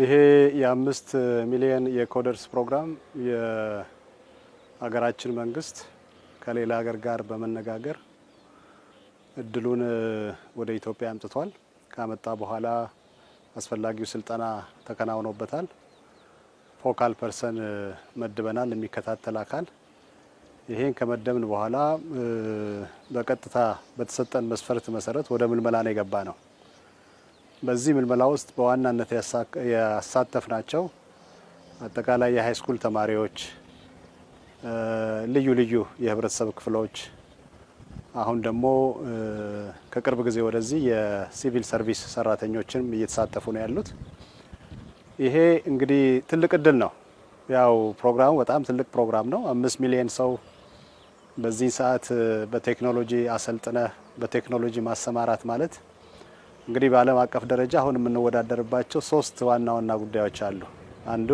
ይሄ የአምስት ሚሊዮን የኮደርስ ፕሮግራም የሀገራችን መንግስት ከሌላ ሀገር ጋር በመነጋገር እድሉን ወደ ኢትዮጵያ አምጥቷል። ካመጣ በኋላ አስፈላጊው ስልጠና ተከናውኖበታል። ፎካል ፐርሰን መድበናል፣ የሚከታተል አካል። ይሄን ከመደብን በኋላ በቀጥታ በተሰጠን መስፈርት መሰረት ወደ ምልመላ ነው የገባ ነው። በዚህ ምልመላ ውስጥ በዋናነት ናቸው አጠቃላይ የሃይስኩል ተማሪዎች፣ ልዩ ልዩ የህብረተሰብ ክፍሎች አሁን ደግሞ ከቅርብ ጊዜ ወደዚህ የሲቪል ሰርቪስ ሰራተኞችም እየተሳተፉ ነው ያሉት። ይሄ እንግዲህ ትልቅ እድል ነው። ያው ፕሮግራሙ በጣም ትልቅ ፕሮግራም ነው። አምስት ሚሊዮን ሰው በዚህ ሰዓት በቴክኖሎጂ አሰልጥነህ በቴክኖሎጂ ማሰማራት ማለት እንግዲህ በዓለም አቀፍ ደረጃ አሁን የምንወዳደርባቸው ሶስት ዋና ዋና ጉዳዮች አሉ። አንዱ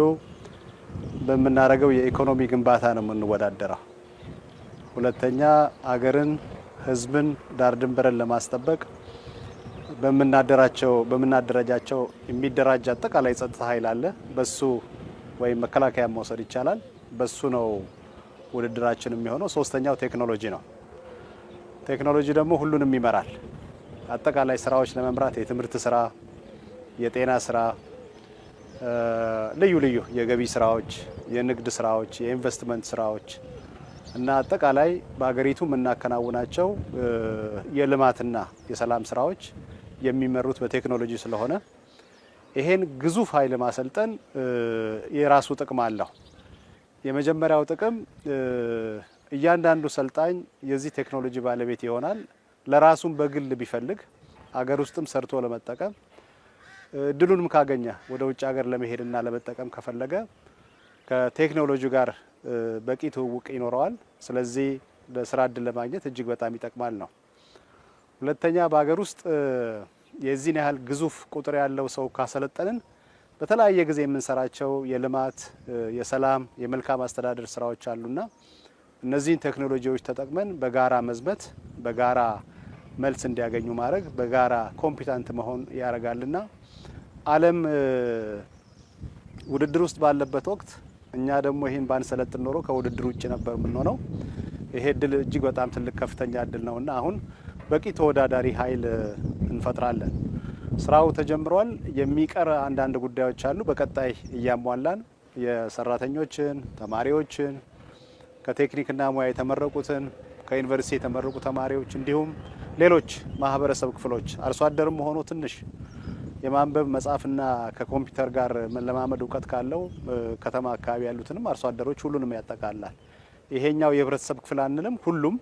በምናደርገው የኢኮኖሚ ግንባታ ነው የምንወዳደረው። ሁለተኛ አገርን፣ ህዝብን ዳር ድንበርን ለማስጠበቅ በምናደራቸው በምናደረጃቸው የሚደራጅ አጠቃላይ ጸጥታ ኃይል አለ። በሱ ወይም መከላከያ መውሰድ ይቻላል። በሱ ነው ውድድራችን የሚሆነው። ሶስተኛው ቴክኖሎጂ ነው። ቴክኖሎጂ ደግሞ ሁሉንም ይመራል። አጠቃላይ ስራዎች ለመምራት የትምህርት ስራ፣ የጤና ስራ፣ ልዩ ልዩ የገቢ ስራዎች፣ የንግድ ስራዎች፣ የኢንቨስትመንት ስራዎች እና አጠቃላይ በሀገሪቱ የምናከናውናቸው የልማትና የሰላም ስራዎች የሚመሩት በቴክኖሎጂ ስለሆነ ይሄን ግዙፍ ኃይል ማሰልጠን የራሱ ጥቅም አለው። የመጀመሪያው ጥቅም እያንዳንዱ ሰልጣኝ የዚህ ቴክኖሎጂ ባለቤት ይሆናል። ለራሱም በግል ቢፈልግ አገር ውስጥም ሰርቶ ለመጠቀም እድሉንም ካገኘ ወደ ውጭ ሀገር ለመሄድና ለመጠቀም ከፈለገ ከቴክኖሎጂ ጋር በቂ ትውውቅ ይኖረዋል። ስለዚህ ለስራ እድል ለማግኘት እጅግ በጣም ይጠቅማል ነው። ሁለተኛ በሀገር ውስጥ የዚህን ያህል ግዙፍ ቁጥር ያለው ሰው ካሰለጠንን በተለያየ ጊዜ የምንሰራቸው የልማት፣ የሰላም፣ የመልካም አስተዳደር ስራዎች አሉና እነዚህን ቴክኖሎጂዎች ተጠቅመን በጋራ መዝመት በጋራ መልስ እንዲያገኙ ማድረግ በጋራ ኮምፒታንት መሆን ያደርጋልና ዓለም ውድድር ውስጥ ባለበት ወቅት እኛ ደግሞ ይህን ባንሰለጥን ኖሮ ከውድድር ውጭ ነበር የምንሆነው። ይሄ እድል እጅግ በጣም ትልቅ ከፍተኛ እድል እና አሁን በቂ ተወዳዳሪ ኃይል እንፈጥራለን። ስራው ተጀምሯል። የሚቀር አንዳንድ ጉዳዮች አሉ። በቀጣይ እያሟላን የሰራተኞችን፣ ተማሪዎችን፣ ከቴክኒክና ሙያ የተመረቁትን፣ ከዩኒቨርሲቲ የተመረቁ ተማሪዎች እንዲሁም ሌሎች ማህበረሰብ ክፍሎች አርሶ አደርም ሆኖ ትንሽ የማንበብ መጻፍና ከኮምፒውተር ጋር መለማመድ እውቀት ካለው ከተማ አካባቢ ያሉትንም አርሶ አደሮች ሁሉንም ያጠቃላል። ይሄኛው የህብረተሰብ ክፍል አንልም። ሁሉም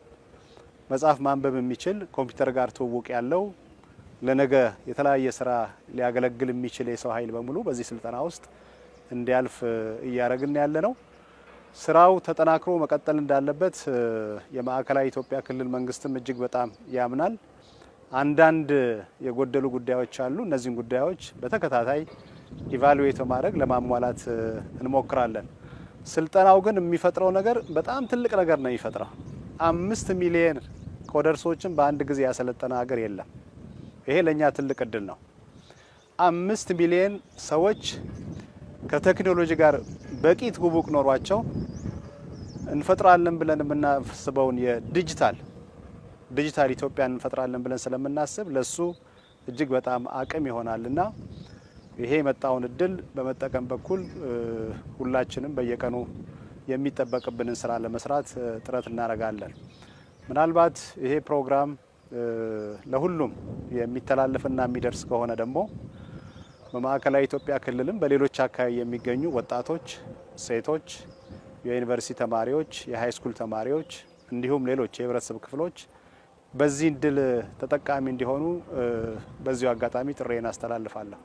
መጻፍ ማንበብ የሚችል ኮምፒውተር ጋር ትውውቅ ያለው ለነገ የተለያየ ስራ ሊያገለግል የሚችል የሰው ኃይል በሙሉ በዚህ ስልጠና ውስጥ እንዲያልፍ እያደረግን ያለ ነው። ስራው ተጠናክሮ መቀጠል እንዳለበት የማዕከላዊ ኢትዮጵያ ክልል መንግስትም እጅግ በጣም ያምናል። አንዳንድ የጎደሉ ጉዳዮች አሉ። እነዚህን ጉዳዮች በተከታታይ ኢቫሉዌት በማድረግ ለማሟላት እንሞክራለን። ስልጠናው ግን የሚፈጥረው ነገር በጣም ትልቅ ነገር ነው የሚፈጥረው። አምስት ሚሊየን ኮደርሶችን በአንድ ጊዜ ያሰለጠነ ሀገር የለም። ይሄ ለእኛ ትልቅ እድል ነው። አምስት ሚሊየን ሰዎች ከቴክኖሎጂ ጋር በቂ ትውውቅ ኖሯቸው እንፈጥራለን ብለን የምናስበውን የዲጂታል ዲጂታል ኢትዮጵያን እንፈጥራለን ብለን ስለምናስብ ለሱ እጅግ በጣም አቅም ይሆናልና ይሄ የመጣውን እድል በመጠቀም በኩል ሁላችንም በየቀኑ የሚጠበቅብንን ስራ ለመስራት ጥረት እናደርጋለን። ምናልባት ይሄ ፕሮግራም ለሁሉም የሚተላለፍና የሚደርስ ከሆነ ደግሞ በማዕከላዊ ኢትዮጵያ ክልልም በሌሎች አካባቢ የሚገኙ ወጣቶች፣ ሴቶች፣ የዩኒቨርሲቲ ተማሪዎች፣ የሃይስኩል ተማሪዎች እንዲሁም ሌሎች የህብረተሰብ ክፍሎች በዚህ እድል ተጠቃሚ እንዲሆኑ በዚሁ አጋጣሚ ጥሬን አስተላልፋለሁ።